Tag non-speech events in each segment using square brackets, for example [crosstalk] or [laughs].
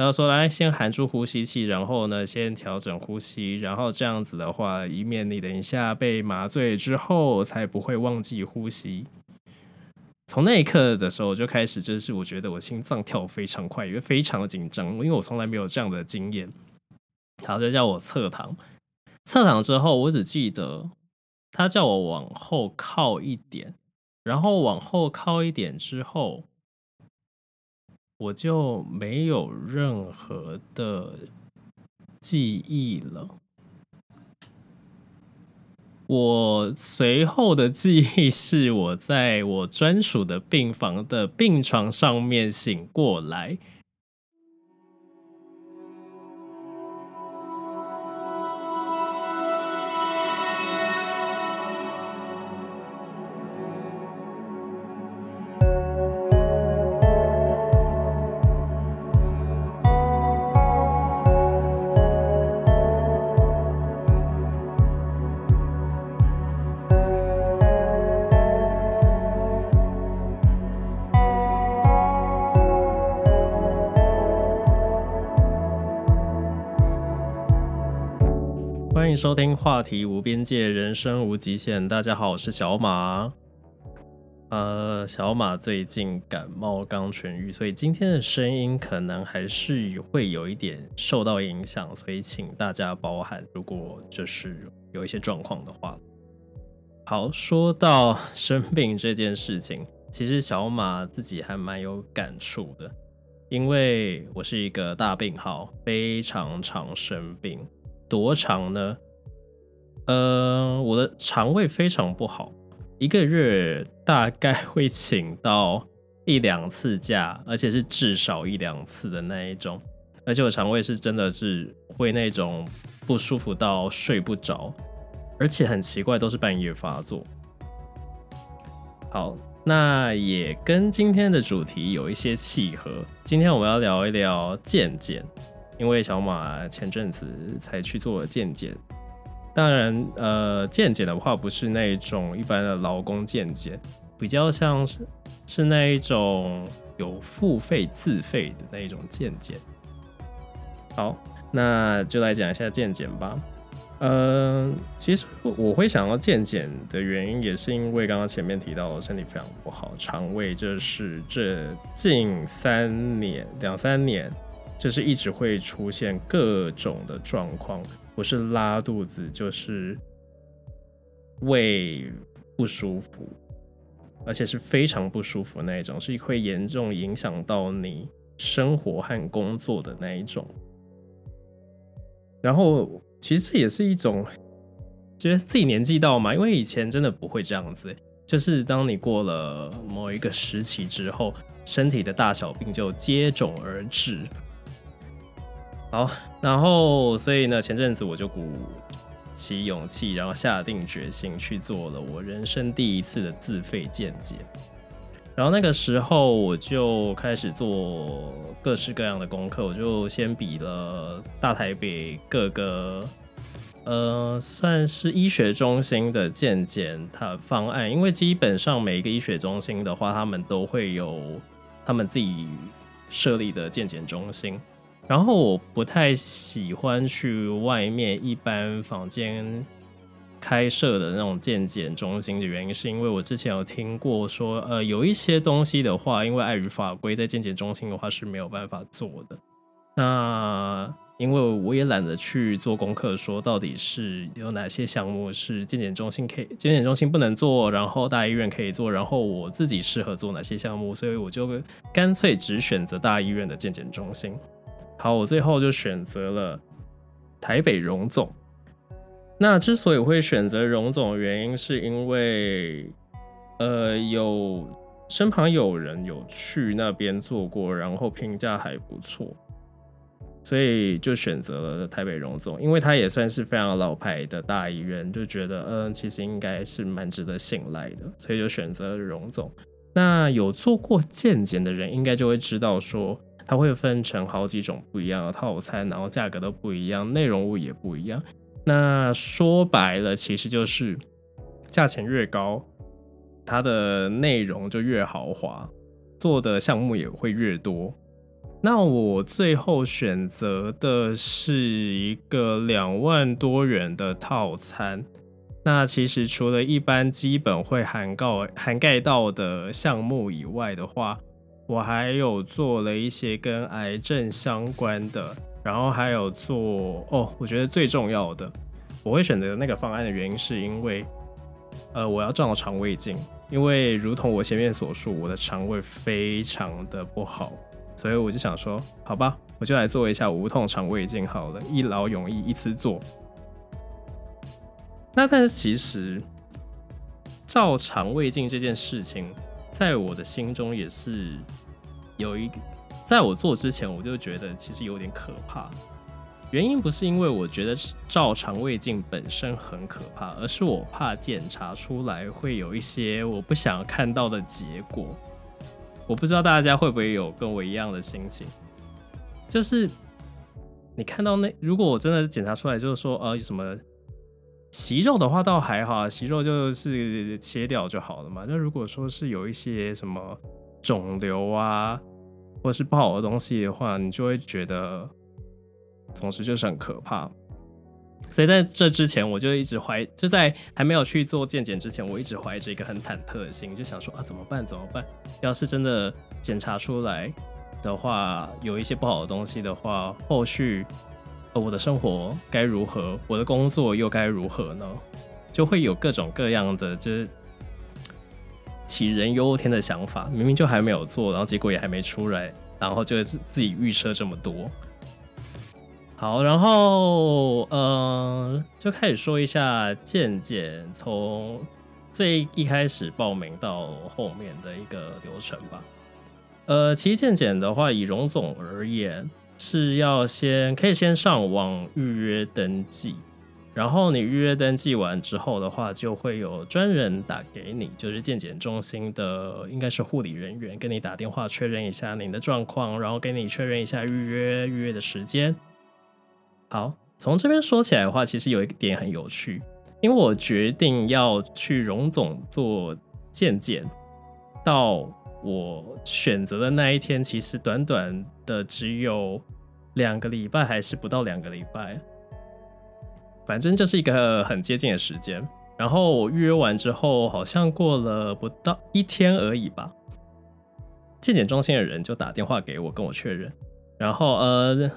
然後說來，先含住呼吸器，然後呢，先調整呼吸，然後這樣子的話，以免你等一下被麻醉之後才不會忘記呼吸。從那一刻的時候我就開始，就是我覺得我心臟跳非常快，因為非常的緊張，因為我從來沒有這樣的經驗。他就叫我側躺，側躺之後，我只記得他叫我往後靠一點，然後往後靠一點之後。我就沒有任何的記憶了。我隨後的記憶是我在我專屬的病房的病床上面醒過來。歡迎收聽話題無邊界，人生無極限。大家好，我是小馬。呃，小馬最近感冒剛痊癒，所以今天的聲音可能還是會有一點受到影響，所以請大家包涵。如果就是有一些狀況的話。好，說到生病這件事情，其實小馬自己還蠻有感觸的，因為我是一個大病號，非常常生病。多長呢？呃，我的腸胃非常不好，一個月大概會請到一兩次假，而且是至少一兩次的那一種。而且我腸胃是真的是會那種不舒服到睡不着，而且很奇怪，都是半夜發作。好，那也跟今天的主題有一些契合。今天我們要聊一聊健檢，因為小馬前陣子才去做了健檢，當然，呃，健檢的話不是那一種一般的勞工健檢，比較像是是那一種有付費自費的那一種健檢。好，那就來講一下健檢吧。嗯、呃，其實我會想要健檢的原因，也是因為剛剛前面提到的身體非常不好，腸胃就是這近三年、兩三年。就是一直會出現各種的狀況，不是拉肚子就是胃不舒服，而且是非常不舒服的那一種，是會嚴重影響到你生活和工作的那一種。然後其實這也是一種，覺得自己年紀到嘛，因為以前真的不會這樣子、欸，就是當你過了某一個時期之後，身體的大小病就接踵而至。好，然後所以呢，前陣子我就鼓起勇氣，然後下定決心去做了我人生第一次的自費健檢。然後那個時候我就開始做各式各樣的功課，我就先比了大台北各個，呃，算是醫學中心的健檢它方案，因為基本上每一個醫學中心的話，他們都會有他們自己設立的健檢中心。然後我不太喜歡去外面一般房間開設的那種健檢中心的原因，是因為我之前有聽過說，呃，有一些東西的話，因為礙於法規，在健檢中心的話是沒有辦法做的。那因為我也懶得去做功課，說到底是有哪些項目是健檢中心可以，健檢中心不能做，然後大醫院可以做，然後我自己適合做哪些項目，所以我就乾脆只選擇大醫院的健檢中心。好，我最後就選擇了台北榮總。那之所以會選擇榮總的原因是因為，呃，有身旁有人有去那邊做過，然後評價還不錯，所以就選擇了台北榮總。因為他也算是非常老牌的大醫院，就覺得，嗯，其實應該是蠻值得信賴的，所以就選擇了榮總。那有做過健檢的人，應該就會知道說，它會分成好幾種不一樣的套餐，然後價格都不一樣，內容物也不一樣。那說白了，其實就是價錢越高，它的內容就越豪華，做的項目也會越多。那我最後選擇的是一個兩萬多元的套餐。那其實除了一般基本會涵蓋涵蓋到的項目以外的話，我還有做了一些跟癌症相關的，然後還有做哦，我覺得最重要的，我會選擇那個方案的原因是因為，呃，我要照腸胃鏡，因為如同我前面所述，我的腸胃非常的不好，所以我就想說，好吧，我就來做一下無痛腸胃鏡好了，一勞永逸，一次做。那但是其實照腸胃鏡這件事情，在我的心中也是有一，在我做之前我就覺得其實有點可怕，原因不是因為我覺得照腸胃鏡本身很可怕，而是我怕檢查出來會有一些我不想看到的結果。我不知道大家會不會有跟我一樣的心情，就是你看到那，如果我真的檢查出來，就是說呃有什麼。息肉的話倒還好，息肉就是切掉就好了嘛。那如果說是有一些什麼腫瘤啊，或是不好的東西的話，你就會覺得，總之就是很可怕。所以在這之前，我就一直懷，就在還沒有去做健檢之前，我一直懷着一個很忐忑的心，就想說啊，怎麼辦？怎麼辦？要是真的檢查出來的話，有一些不好的東西的話，後續。呃，我的生活該如何？我的工作又該如何呢？就會有各種各樣的這杞人憂天的想法。明明就還沒有做，然後結果也還沒出來，然後就自己預設這麼多。好，然後呃，就開始說一下健檢從最一開始報名到後面的一個流程吧。呃，其實健檢的話，以榮總而言。是要先可以先上網預約登記，然後你預約登記完之後的話，就會有專人打給你，就是健檢中心的應該是護理人員跟你打電話確認一下您的狀況，然後跟你確認一下預約預約的時間。好，從這邊說起來的話，其實有一點很有趣，因為我決定要去榮總做健檢，到。我選擇的那一天其實短短的只有兩個禮拜，還是不到兩個禮拜，反正就是一個很接近的時間。然後我預約完之後，好像過了不到一天而已吧。健檢中心的人就打電話給我，跟我確認。然後呃，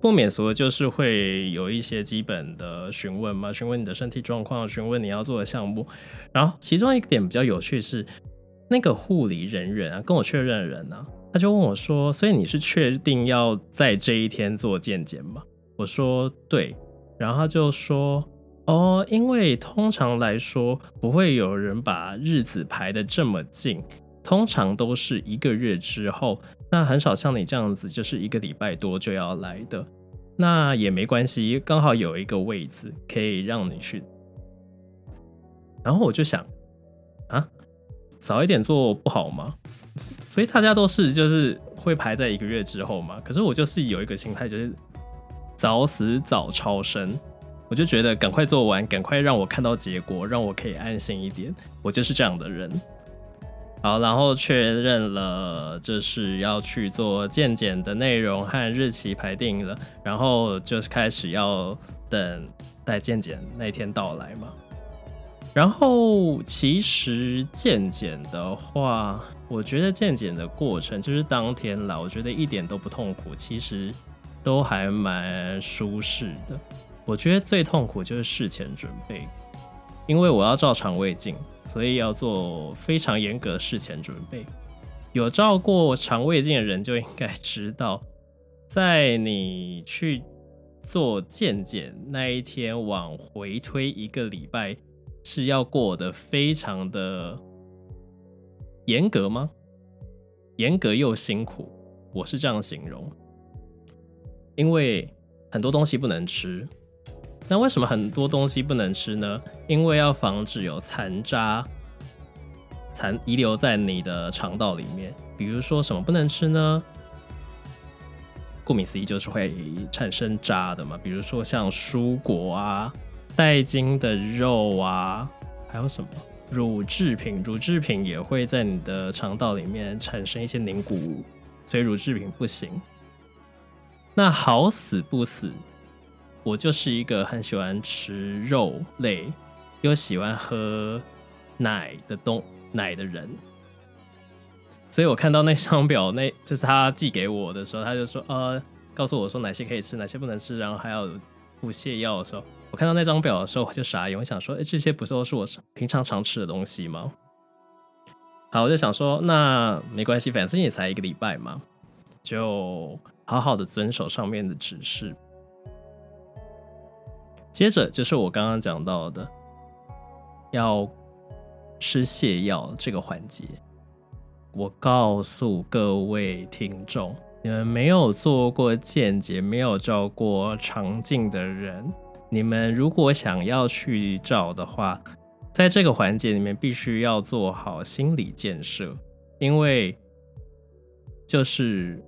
不免俗的就是會有一些基本的詢問嘛，詢問你的身體狀況，詢問你要做的項目。然後其中一個點比較有趣的是，那個護理人員啊，跟我確認人呢、啊，他就問我說：“所以你是確定要在這一天做健檢嗎？”我說：“對。”然後他就說：“哦，因為通常來說不會有人把日子排得這麼近，通常都是一個月之後。那很少像你這樣子，就是一個禮拜多就要來的。那也沒關係，剛好有一個位置可以讓你去。”然後我就想。早一點做不好嗎？所以大家都是就是會排在一個月之後嘛。可是我就是有一個心態，就是早死早超生，我就覺得趕快做完，趕快讓我看到結果，讓我可以安心一點。我就是這樣的人。好，然後確認了就是要去做健檢的內容和日期排定了，然後就是開始要等待健檢那天到來嘛。然後其實健檢的話，我覺得健檢的過程就是當天啦。我覺得一點都不痛苦，其實都還蠻舒適的。我覺得最痛苦就是事前準備，因為我要照腸胃鏡，所以要做非常嚴格的事前準備。有照過腸胃鏡的人就應該知道，在你去做健檢那一天往回推一個禮拜，是要過得非常的嚴格嗎？嚴格又辛苦，我是這樣形容。因為很多東西不能吃，那為什麼很多東西不能吃呢？因為要防止有殘渣殘遺留在你的腸道裡面。比如說什麼不能吃呢？顧名思義就是會產生渣的嘛。比如說像蔬果啊。帶筋的肉啊，還有什麼乳製品？乳製品也會在你的腸道裡面產生一些凝固物，所以乳製品不行。那好死不死，我就是一個很喜歡吃肉類又喜歡喝奶的東奶的人，所以我看到那張表，那就是他寄給我的時候，他就說呃，告訴我說哪些可以吃，哪些不能吃，然後還有不瀉藥的時候。我看到那張表的時候，我就傻眼，我想說：“哎，這些不是都是我平常常吃的東西嗎？”好，我就想說：“那沒關係，反正也才一個禮拜嘛，就好好的遵守上面的指示。”接着就是我剛剛講到的，要吃瀉藥這個環節。我告訴各位聽眾，你們沒有做過健檢，沒有照過腸鏡的人。你們如果想要去找的話，在這個環節裡面必須要做好心理建設，因為就是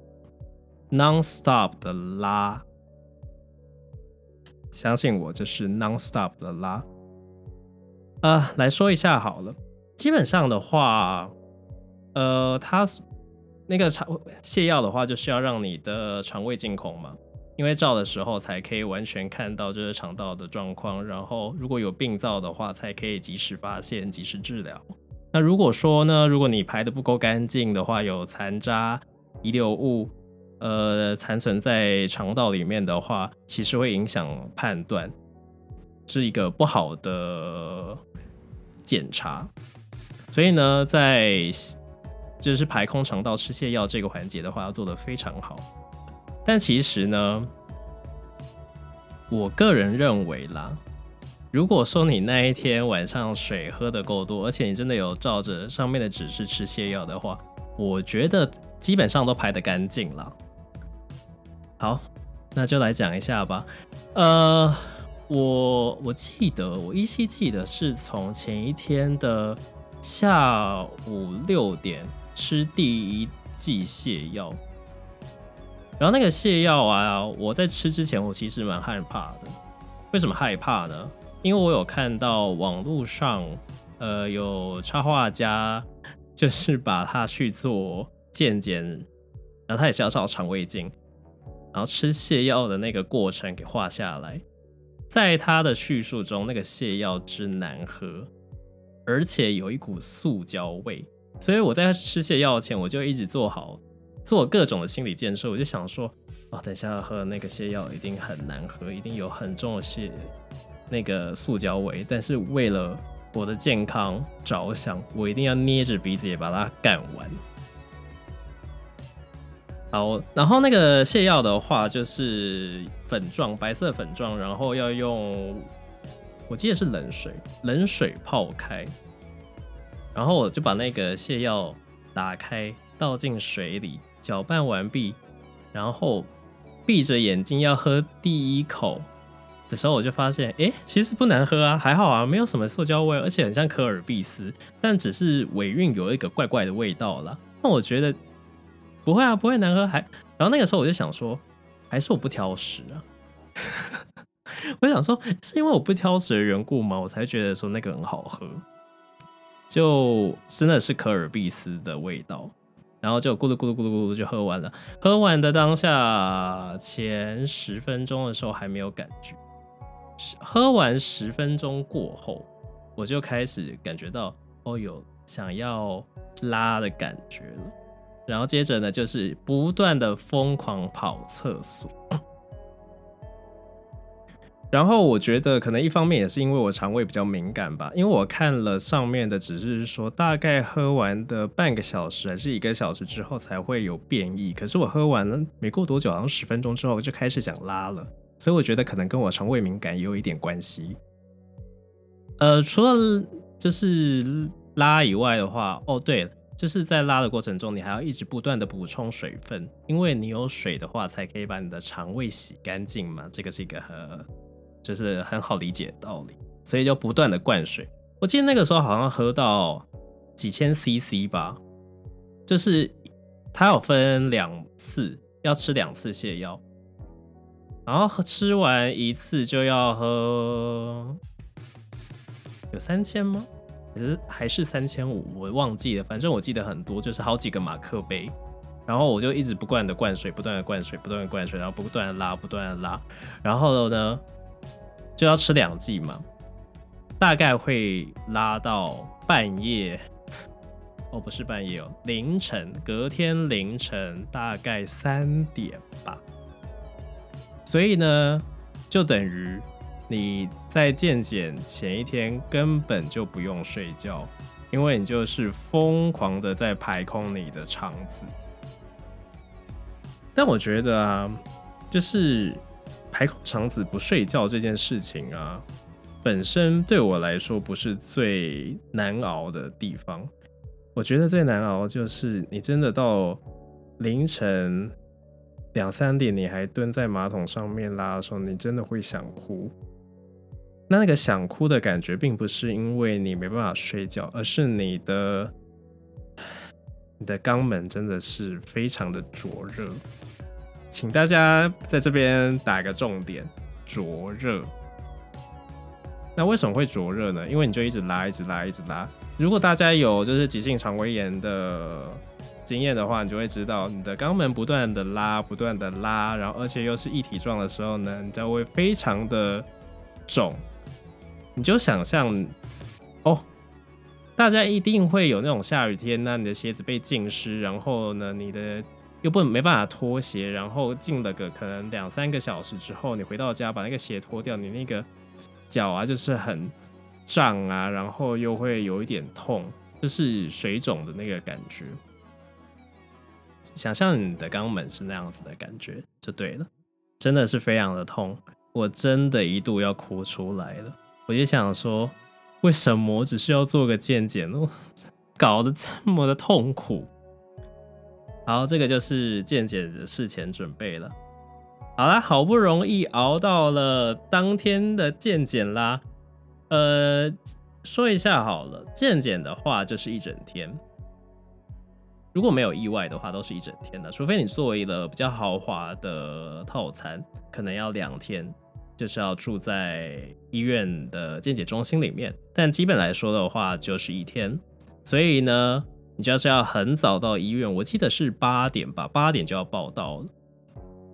nonstop 的啦。相信我，就是 nonstop 的啦。呃，來說一下好了，基本上的話，呃，它那個腸瀉藥的話，就是要讓你的腸胃淨空嘛。因為照的時候才可以完全看到這個腸道的狀況，然後如果有病灶的話，才可以及時發現、及時治療。那如果說呢，如果你排得不夠乾淨的話，有殘渣、遺留物，呃，殘存在腸道裡面的話，其實會影響判斷，是一個不好的檢查。所以呢，在就是排空腸道、吃瀉藥這個環節的話，要做得非常好。但其實呢，我個人認為啦，如果說你那一天晚上水喝得夠多，而且你真的有照着上面的指示吃瀉藥的話，我覺得基本上都排得乾淨啦。好，那就來講一下吧。呃，我我記得，我依稀記得是從前一天的下午六點吃第一劑瀉藥。然後那個瀉藥啊，我在吃之前我其實蠻害怕的。為什麼害怕呢？因為我有看到網路上，呃，有插畫家就是把它去做健檢，然後他也是要照腸胃鏡，然後吃瀉藥的那個過程給畫下來。在他的敘述中，那個瀉藥之難喝，而且有一股塑膠味。所以我在吃瀉藥前，我就一直做好。做各種的心理建設，我就想說，哦，等一下喝那個瀉藥一定很難喝，一定有很重的瀉，那個塑膠味。但是為了我的健康着想，我一定要捏着鼻子也把它乾完。好，然後那個瀉藥的話就是粉狀，白色粉狀，然後要用，我記得是冷水，冷水泡開。然後我就把那個瀉藥打開，倒進水裡。攪拌完畢，然後閉着眼睛要喝第一口的時候，我就發現，哎，其實不難喝啊，還好啊，沒有什麼塑膠味，而且很像可爾必思，但只是尾韻有一個怪怪的味道啦。那我覺得不會啊，不會難喝，還……然後那個時候我就想說，還是我不挑食啊。 [laughs] 我想說，是因為我不挑食的緣故嗎？我才覺得說那個很好喝，就真的是可爾必思的味道。然後就咕嚕咕嚕咕嚕咕嚕就喝完了。喝完的當下，前十分鐘的時候還沒有感覺。喝完十分鐘過後，我就開始感覺到，哦呦，有想要拉的感覺了。然後接着呢，就是不斷的瘋狂跑廁所。然後我覺得可能一方面也是因為我腸胃比較敏感吧，因為我看了上面的指示說大概喝完的半個小時還是一個小時之後才會有便意，可是我喝完了沒過多久，好像十分鐘之後就開始想拉了，所以我覺得可能跟我腸胃敏感也有一點關係。呃，除了就是拉以外的話，哦對，就是在拉的過程中你還要一直不斷的補充水分，因為你有水的話才可以把你的腸胃洗乾淨嘛，這個是一個和。就是很好理解的道理，所以就不斷的灌水。我記得那個時候好像喝到幾千 CC 吧，就是它要分兩次，要吃兩次瀉藥，然後吃完一次就要喝，有三千嗎？還是三千五？我忘記了，反正我記得很多，就是好幾個馬克杯，然後我就一直不斷的灌水，不斷的灌水，不斷的灌水，然後不斷的拉，不斷的拉，然後呢，就要吃兩劑嘛，大概會拉到半夜，哦，不是半夜哦，凌晨，隔天凌晨大概三點吧。所以呢，就等於你在健檢前一天根本就不用睡覺，因為你就是瘋狂的在排空你的腸子。但我覺得啊，就是。排空腸子不睡覺，這件事情啊，本身對我來說不是最難熬的地方。我覺得最難熬就是你真的到凌晨兩三點你還蹲在馬桶上面拉的時候，你真的會想哭。那那個想哭的感覺，並不是因為你沒辦法睡覺，而是你的你的肛門真的是非常的灼熱。請大家在這邊打一個重點：灼熱。那為什麼會灼熱呢？因為你就一直拉，一直拉，一直拉。如果大家有就是急性腸胃炎的經驗的話，你就會知道，你的肛門不斷的拉，不斷的拉，然後而且又是一體狀的時候呢，你就會非常的腫。你就想象，哦，大家一定會有那種下雨天呢、啊，你的鞋子被浸濕，然後呢，你的。又不沒辦法脫鞋，然後浸了個可能兩三個小時之後，你回到家把那個鞋脫掉，你那個腳啊就是很脹啊，然後又會有一點痛，就是水腫的那個感覺。想象，你的肛門是那樣子的感覺就對了，真的是非常的痛，我真的一度要哭出來了。我就想說，為什麼我只是要做個健檢，搞得這麼的痛苦？好，這個就是健檢的事前準備了。好啦，好不容易熬到了當天的健檢啦。呃，說一下好了，健檢的話就是一整天，如果沒有意外的話，都是一整天的，除非你做為了一個比較豪華的套餐，可能要兩天，就是要住在醫院的健檢中心裡面。但基本來說的話，就是一天。所以呢。你就是要很早到醫院，我記得是八點吧，八點就要報到了。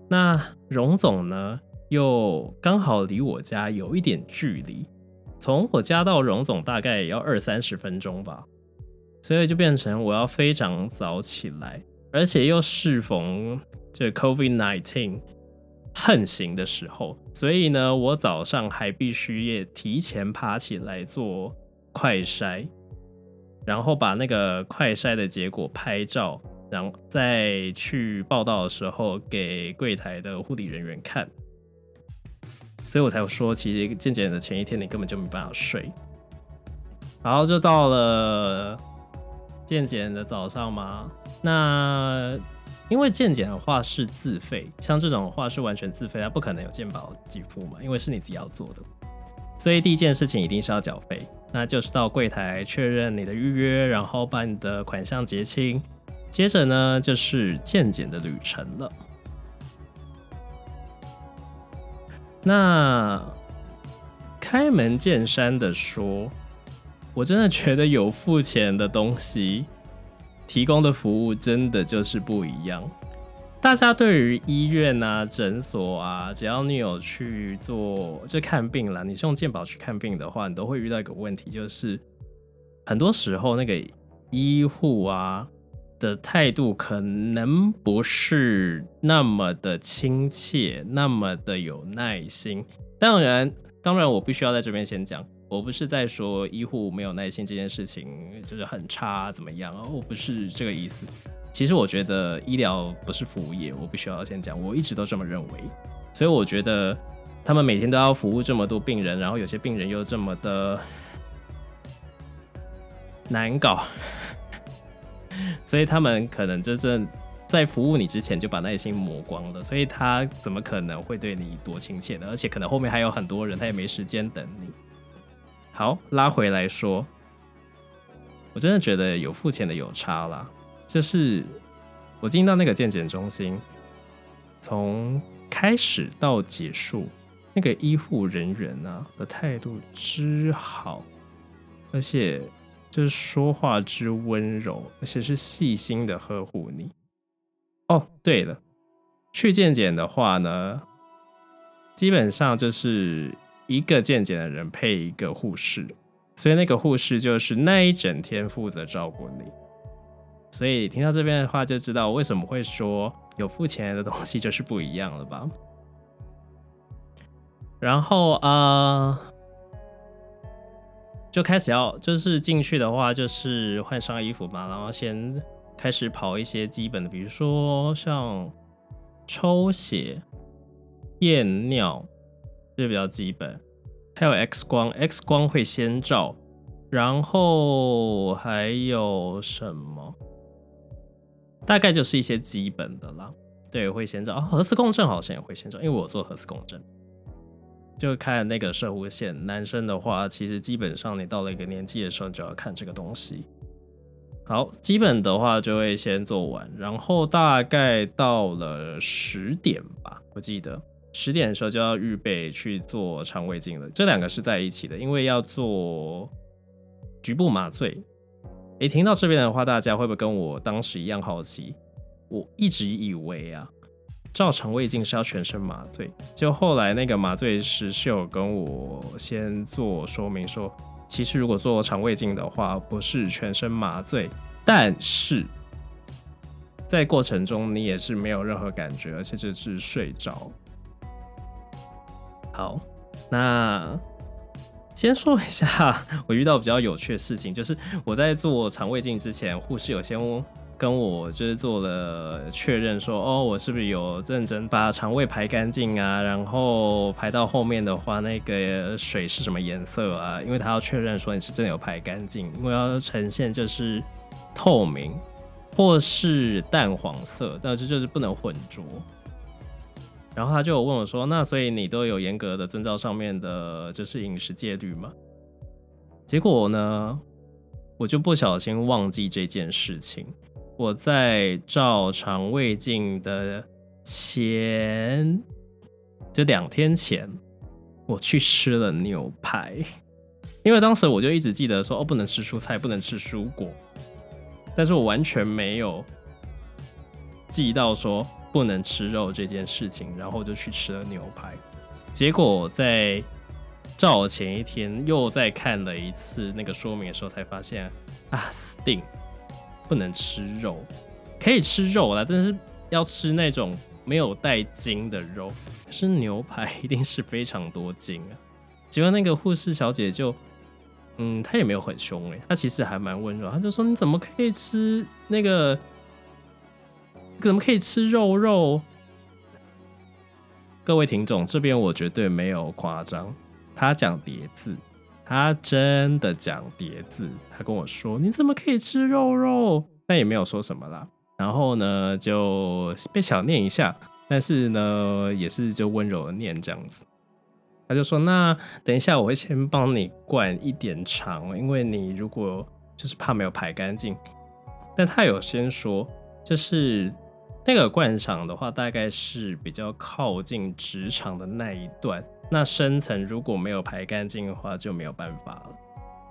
那榮總呢，又剛好離我家有一點距離，從我家到榮總大概也要二三十分鐘吧，所以就變成我要非常早起來，而且又適逢這 COVID-19 橫行的時候，所以呢，我早上還必須也提前爬起來做快篩。然後把那個快篩的結果拍照，然後再去報到的時候給櫃檯的護理人員看，所以我才有說，其實一個健檢的前一天你根本就沒辦法睡。然後就到了健檢的早上嘛，那因為健檢的話是自費，像這種話是完全自費，它不可能有健保給付嘛，因為是你自己要做的，所以第一件事情一定是要繳費。那就是到櫃檯確認你的預約，然後把你的款項結清，接着呢就是健檢的旅程了。那開門見山的說，我真的覺得有付錢的東西提供的服務真的就是不一樣。大家對於醫院吶、啊、診所啊，只要你有去做就看病啦，你是用健保去看病的話，你都會遇到一個問題，就是很多時候那個醫護啊的態度可能不是那麼的親切，那麼的有耐心。當然，當然，我必須要在這邊先講，我不是在說醫護沒有耐心這件事情就是很差怎麼樣，啊，我不是這個意思。其實我覺得醫療不是服務業，我必須要先講，我一直都這麼認為。所以我覺得他們每天都要服務這麼多病人，然後有些病人又這麼的難搞， [laughs] 所以他們可能就正在服務你之前就把耐心磨光了，所以他怎麼可能會對你多親切呢？而且可能後面還有很多人，他也沒時間等你。好，拉回來說，我真的覺得有付錢的有差啦。就是我進到那個健檢中心，從開始到結束，那個醫護人員啊的態度之好，而且就是說話之溫柔，而且是細心的呵護你。哦，對了，去健檢的話呢，基本上就是一個健檢的人配一個護士，所以那個護士就是那一整天負責照顧你。所以聽到這邊的話，就知道為什麼會說有付錢的東西就是不一樣了吧？然後啊、呃，就開始要就是進去的話，就是換上衣服嘛，然後先開始跑一些基本的，比如說像抽血、驗尿，這比較基本。還有 X 光，X 光會先照，然後還有什麼？大概就是一些基本的啦，對，會先做、哦、核磁共振好像也會先做，因為我做核磁共振，就看那個攝護腺。男生的話，其實基本上你到了一個年紀的時候，就要看這個東西。好，基本的話就會先做完，然後大概到了十點吧，我記得十點的時候就要預備去做腸胃鏡了。這兩個是在一起的，因為要做局部麻醉。哎、欸，聽到這邊的話，大家會不會跟我當時一樣好奇？我一直以為啊，照腸胃鏡是要全身麻醉。就後來那個麻醉師是有跟我先做說明說，說其實如果做腸胃鏡的話，不是全身麻醉，但是在過程中你也是沒有任何感覺，而且就是睡着。好，那。先說一下我遇到比較有趣的事情，就是我在做腸胃鏡之前，護士有先跟我就是做了確認說，說哦，我是不是有認真把腸胃排乾淨啊？然後排到後面的話，那個水是什麼顏色啊？因為他要確認說你是真的有排乾淨，因為要呈現就是透明或是淡黃色，但是就是不能混濁。然後他就問我說：“那所以你都有嚴格的遵照上面的，就是飲食戒律嘛？”結果呢，我就不小心忘記這件事情。我在照腸胃鏡的前，就兩天前，我去吃了牛排，因為當時我就一直記得說：“哦，不能吃蔬菜，不能吃蔬果。”但是我完全沒有記到說。不能吃肉這件事情，然後就去吃了牛排，結果在照前一天又再看了一次那個說明的時候，才發現啊，死定，不能吃肉，可以吃肉啦，但是要吃那種沒有帶筋的肉，吃牛排一定是非常多筋啊。結果那個護士小姐就，嗯，她也沒有很兇誒、欸，她其實還蠻溫柔，她就說你怎麼可以吃那個？你怎麼可以吃肉肉？各位聽眾這邊我絕對沒有誇張，他講疊字，他真的講疊字，他跟我說你怎麼可以吃肉肉？但也沒有說什麼啦，然後呢，就被小念一下，但是呢也是就溫柔的念這樣子，他就說那等一下我會先幫你灌一點腸，因為你如果就是怕沒有排乾淨，但他有先說就是。那個灌腸的話，大概是比較靠近直腸的那一段。那深層如果沒有排乾淨的話，就沒有辦法了。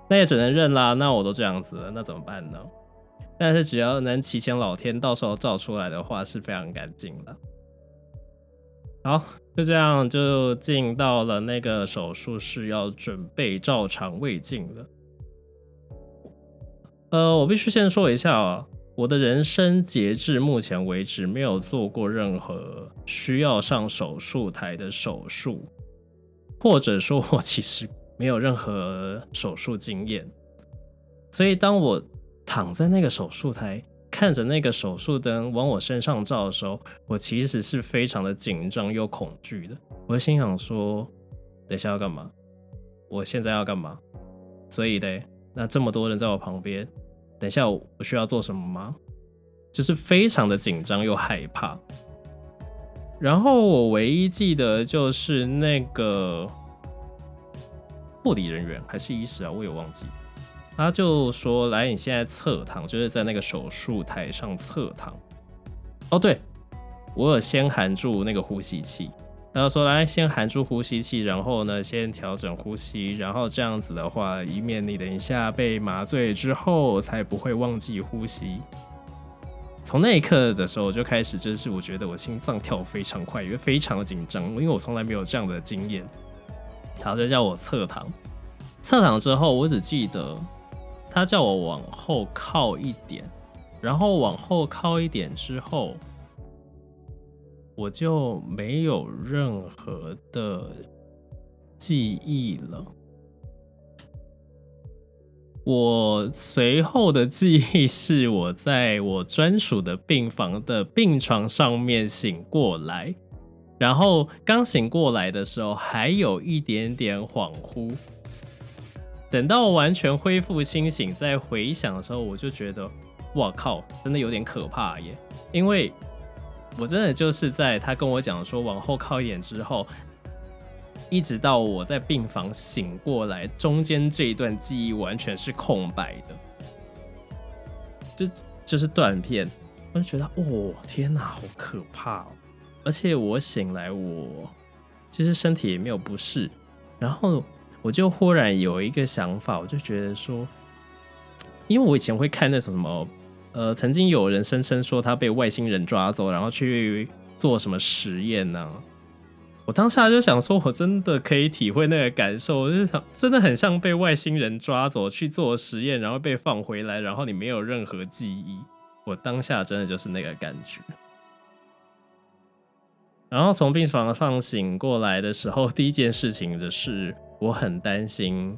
那也只能認啦。那我都這樣子了，那怎麼辦呢？但是只要能祈禱老天到時候照出來的話，是非常乾淨的。好，就這樣就進到了那個手術室，要準備照腸胃鏡了。呃，我必須先說一下啊、喔。我的人生截至目前為止沒有做過任何需要上手術台的手術，或者說，我其實沒有任何手術經驗。所以，當我躺在那個手術台，看着那個手術燈往我身上照的時候，我其實是非常的緊張又恐懼的。我心想說：等下要幹嘛？我現在要幹嘛？所以嘞，那這麼多人在我旁邊。等一下，我需要做什麼嗎？就是非常的緊張又害怕。然後我唯一記得就是那個護理人員還是醫師啊，我也忘記。他就說：“來，你現在側躺，就是在那個手術台上側躺。”哦，對，我有先含住那個呼吸器。他說，來，先含住呼吸器，然後呢，先調整呼吸，然後這樣子的話，以免你等一下被麻醉之後才不會忘記呼吸。從那一刻的時候我就開始，真是我覺得我心臟跳非常快，因為非常的緊張，因為我從來沒有這樣的經驗。他就叫我側躺，側躺之後，我只記得他叫我往後靠一點，然後往後靠一點之後。我就沒有任何的記憶了。我隨後的記憶是我在我專屬的病房的病床上面醒過來，然後剛醒過來的時候還有一點點恍惚。等到完全恢復清醒再回想的時候，我就覺得，哇靠，真的有點可怕耶，因為。我真的就是在他跟我講說往後靠一點之後，一直到我在病房醒過來，中間這一段記憶完全是空白的，就就是斷片。我就覺得，哦，天哪，好可怕哦！而且我醒來，我其實、就是、身體也沒有不適，然後我就忽然有一個想法，我就覺得說，因為我以前會看那種什麼。呃，曾經有人聲稱說他被外星人抓走，然後去做什麼實驗呢、啊？我當下就想說，我真的可以體會那個感受，我就想真的很像被外星人抓走去做實驗，然後被放回來，然後你沒有任何記憶。我當下真的就是那個感覺。然後從病房放醒過來的時候，第一件事情就是我很擔心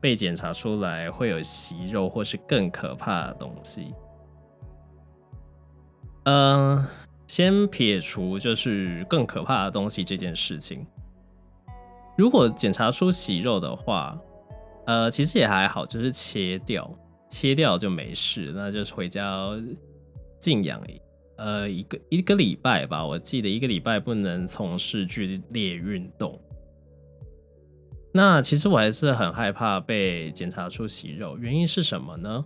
被檢查出來會有息肉，或是更可怕的東西。嗯、呃，先撇除就是更可怕的東西這件事情。如果檢查出息肉的話，呃，其實也還好，就是切掉，切掉就沒事，那就是回家靜養，呃，一個一個禮拜吧。我記得一個禮拜不能從事劇烈運動。那其實我還是很害怕被檢查出息肉，原因是什麼呢？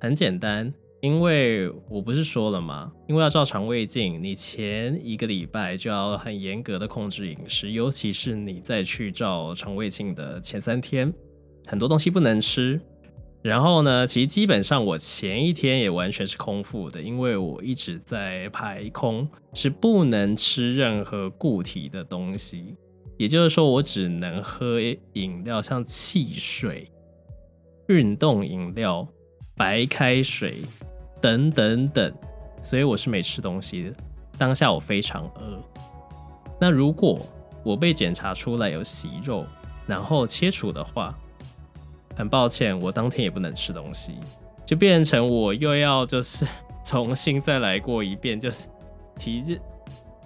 很簡單。因為我不是說了嗎？因為要照腸胃鏡，你前一個禮拜就要很嚴格的控制飲食，尤其是你在去照腸胃鏡的前三天，很多東西不能吃。然後呢，其實基本上我前一天也完全是空腹的，因為我一直在排空，是不能吃任何固體的東西。也就是說，我只能喝飲料，像汽水、運動飲料、白開水。等等等，所以我是沒吃東西的。當下我非常餓。那如果我被檢查出來有息肉，然後切除的話，很抱歉，我當天也不能吃東西，就變成我又要就是重新再來過一遍，就是提着，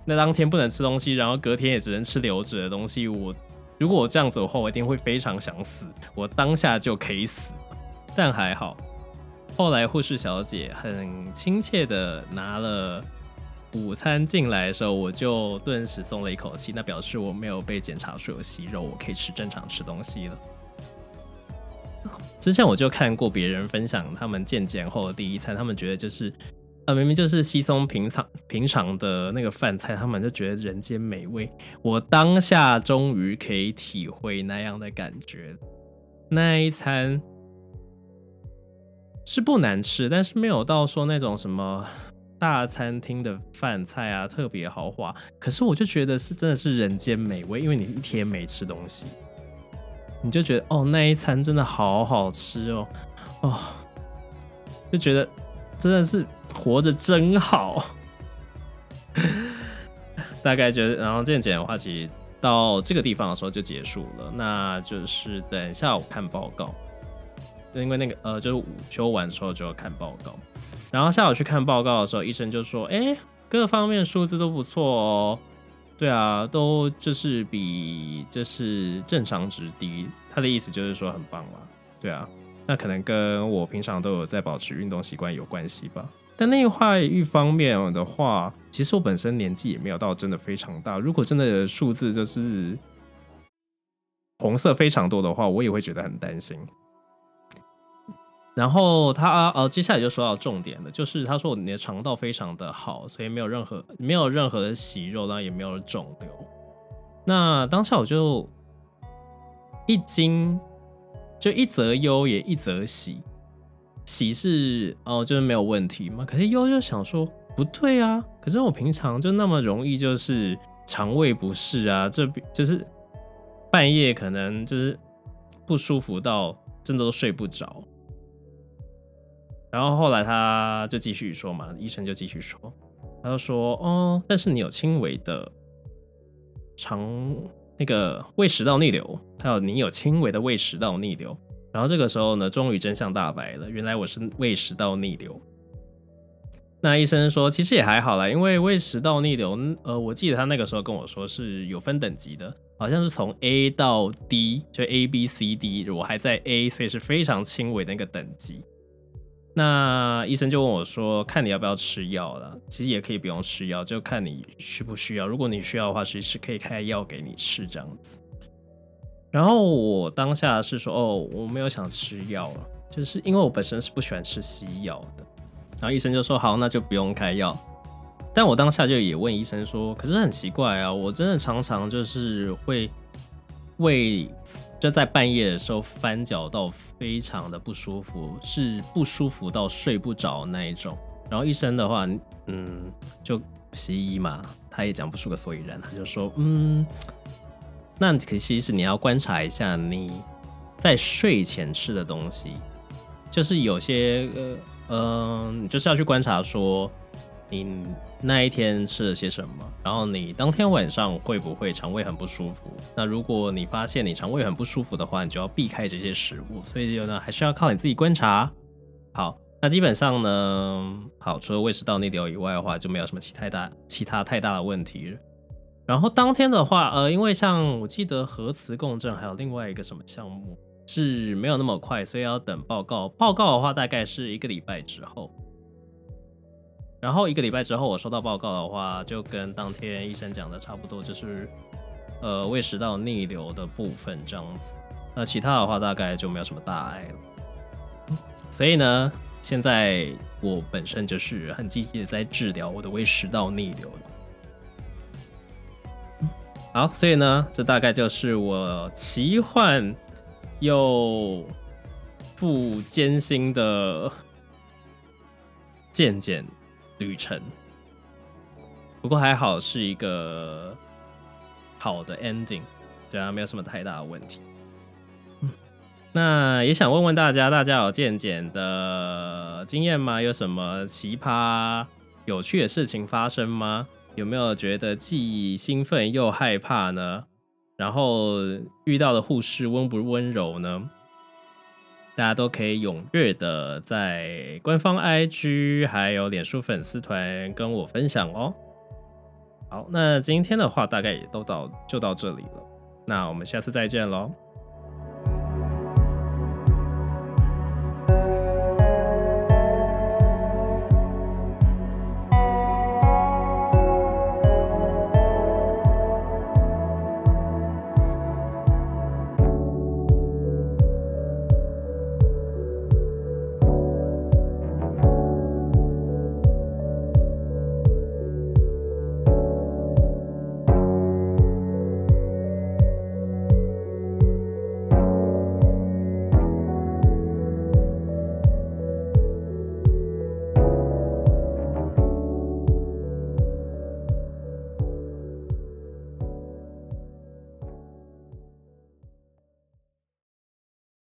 那當天不能吃東西，然後隔天也只能吃流質的東西。我如果我這樣子的話，我一定會非常想死。我當下就可以死，但還好。後來護士小姐很親切的拿了午餐進來的時候，我就頓時鬆了一口氣，那表示我沒有被檢查出有息肉，我可以吃正常吃東西了。之前我就看過別人分享他們健檢後的第一餐，他們覺得就是，呃，明明就是稀鬆平常平常的那個飯菜，他們就覺得人間美味。我當下終於可以體會那樣的感覺，那一餐。是不難吃，但是沒有到說那種什麼大餐廳的飯菜啊，特別豪華。可是我就覺得是真的是人間美味，因為你一天沒吃東西，你就覺得哦，那一餐真的好好吃哦，哦，就覺得真的是活着真好。大概覺得，然後今天的話其實到這個地方的時候就結束了，那就是等一下我看報告。因為那個呃，就是午休完之後就要看報告，然後下午去看報告的時候，醫生就說：“哎、欸，各方面數字都不錯哦。”對啊，都就是比就是正常值低。他的意思就是說很棒嘛。對啊，那可能跟我平常都有在保持運動習慣有關係吧。但另外一方面的話，其實我本身年紀也沒有到真的非常大。如果真的數字就是紅色非常多的話，我也會覺得很擔心。然後他哦，接下來就說到重點了，就是他說，你的腸道非常的好，所以沒有任何，沒有任何的息肉，然後也沒有腫瘤。那當下我就一驚，就一則憂也一則喜，喜是哦就是沒有問題嘛，可是憂就想說不對啊，可是我平常就那麼容易就是腸胃不適啊，這就，就是半夜可能就是不舒服到真的都睡不着。然後後來他就繼續說嘛，醫生就繼續說，他就說，哦，但是你有輕微的腸那個胃食道逆流，還有你有輕微的胃食道逆流。然後這個時候呢，終於真相大白了，原來我是胃食道逆流。那醫生說，其實也還好啦，因為胃食道逆流，呃，我記得他那個時候跟我說是有分等級的，好像是從 A 到 D，就 A B C D，我還在 A，所以是非常輕微的那個等級。那醫生就問我說：“看你要不要吃藥了？其實也可以不用吃藥，就看你需不需要。如果你需要的話，隨時可以開藥給你吃這樣子。然後我當下是說：哦，我沒有想吃藥了，就是因為我本身是不喜歡吃西藥的。然後醫生就說：好，那就不用開藥。但我當下就也問醫生說：可是很奇怪啊，我真的常常就是會胃。”就在半夜的時候翻攪到非常的不舒服，是不舒服到睡不着那一種。然後醫生的話，嗯，就西醫嘛，他也講不出個所以然，他就說，嗯，那可其實你要觀察一下你在睡前吃的東西，就是有些呃，嗯，你就是要去觀察說你。那一天吃了些什麼？然後你當天晚上會不會腸胃很不舒服？那如果你發現你腸胃很不舒服的話，你就要避開這些食物。所以就呢，還是要靠你自己觀察。好，那基本上呢，好，除了胃食道逆流以外的話，就沒有什麼其他大其他太大的問題了。然後當天的話，呃，因為像我記得核磁共振還有另外一個什麼項目是沒有那麼快，所以要等報告。報告的話，大概是一個禮拜之後。然後一個禮拜之後，我收到報告的話，就跟當天醫生講的差不多，就是呃胃食道逆流的部分這樣子。那、呃、其他的話大概就沒有什麼大礙了。所以呢，現在我本身就是很積極的在治療我的胃食道逆流。好，所以呢，這大概就是我奇幻又不艱辛的健檢旅程，不過還好是一個好的 ending，對啊，沒有什麼太大的問題。嗯。那也想問問大家，大家有健檢的經驗嗎？有什麼奇葩有趣的事情發生嗎？有沒有覺得既興奮又害怕呢？然後遇到的護士溫不溫柔呢？大家都可以踴躍的在官方 IG 還有臉書粉絲團跟我分享哦。好，那今天的話大概也都到，就到這裡了，那我們下次再見嘍。